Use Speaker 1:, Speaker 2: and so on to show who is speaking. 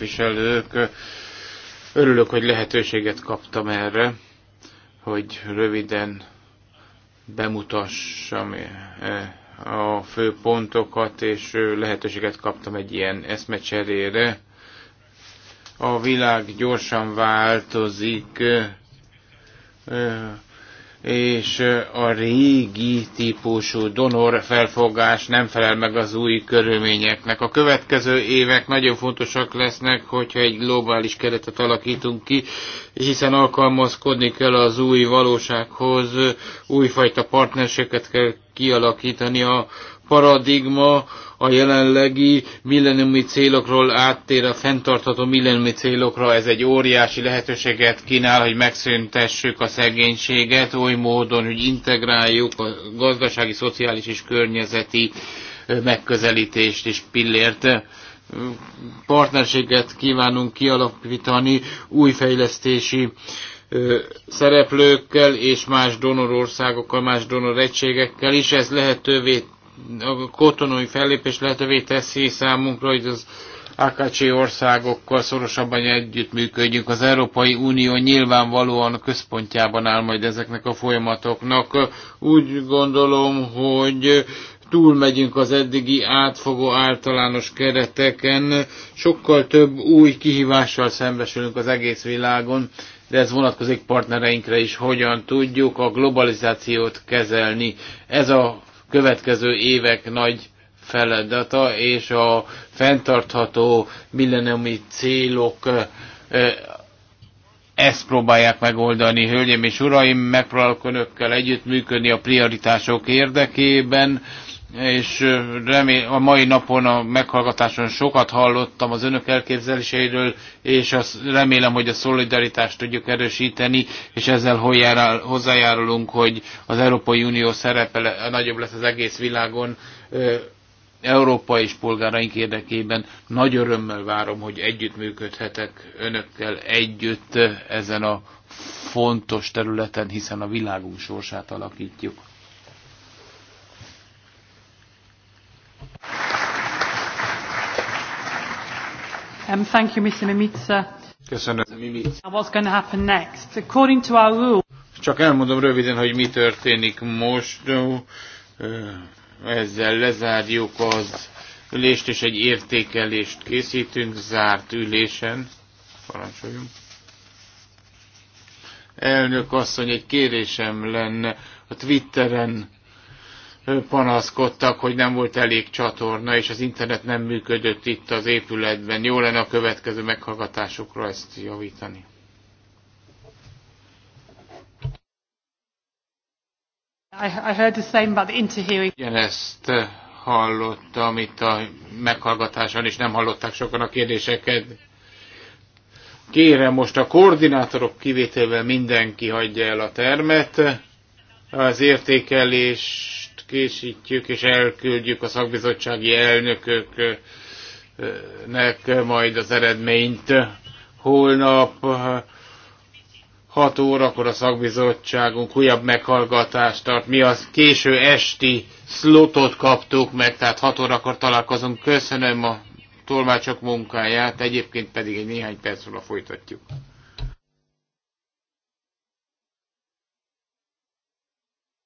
Speaker 1: képviselők. Örülök, hogy lehetőséget kaptam erre, hogy röviden bemutassam eh, a fő pontokat, és eh, lehetőséget kaptam egy ilyen eszmecserére. A világ gyorsan változik, eh, és a régi típusú donor felfogás nem felel meg az új körülményeknek. A következő évek nagyon fontosak lesznek, hogyha egy globális keretet alakítunk ki, hiszen alkalmazkodni kell az új valósághoz, újfajta partnerséget kell kialakítani a paradigma a jelenlegi millenniumi célokról áttér a fenntartható millenniumi célokra. Ez egy óriási lehetőséget kínál, hogy megszüntessük a szegénységet oly módon, hogy integráljuk a gazdasági, szociális és környezeti megközelítést és pillért partnerséget kívánunk kialakítani új fejlesztési szereplőkkel és más donorországokkal, más donoregységekkel is. Ez lehetővé, a kotonói fellépés lehetővé teszi számunkra, hogy az AKC országokkal szorosabban együttműködjünk. Az Európai Unió nyilvánvalóan a központjában áll majd ezeknek a folyamatoknak. Úgy gondolom, hogy túlmegyünk az eddigi átfogó általános kereteken, sokkal több új kihívással szembesülünk az egész világon, de ez vonatkozik partnereinkre is, hogyan tudjuk a globalizációt kezelni. Ez a következő évek nagy feladata, és a fenntartható millenniumi célok ezt próbálják megoldani, hölgyeim és uraim, megpróbálok önökkel együttműködni a prioritások érdekében, és remél, a mai napon a meghallgatáson sokat hallottam az önök elképzeléseiről, és azt remélem, hogy a szolidaritást tudjuk erősíteni, és ezzel hozzájárulunk, hogy az Európai Unió szerepe nagyobb lesz az egész világon, Európa és polgáraink érdekében. Nagy örömmel várom, hogy együttműködhetek önökkel együtt ezen a fontos területen, hiszen a világunk sorsát alakítjuk. Um, thank you, Mr. Mimica. Köszönöm. What's going to happen next? According to our rule... Csak elmondom röviden, hogy mi történik most. Ezzel lezárjuk az ülést, és egy értékelést készítünk zárt ülésen. Parancsoljunk. Elnök asszony, egy kérésem lenne a Twitteren panaszkodtak, hogy nem volt elég csatorna, és az internet nem működött itt az épületben. Jó lenne a következő meghallgatásokra ezt javítani. I, I heard the same about the interhearing. Igen, ezt eh, hallottam itt a meghallgatáson, és nem hallották sokan a kérdéseket. Kérem, most a koordinátorok kivételével mindenki hagyja el a termet. Az értékelés készítjük, és elküldjük a szakbizottsági elnököknek majd az eredményt. Holnap 6 órakor a szakbizottságunk újabb meghallgatást tart. Mi az késő esti szlotot kaptuk meg, tehát 6 órakor találkozunk. Köszönöm a tolmácsok munkáját, egyébként pedig egy néhány perc múlva folytatjuk.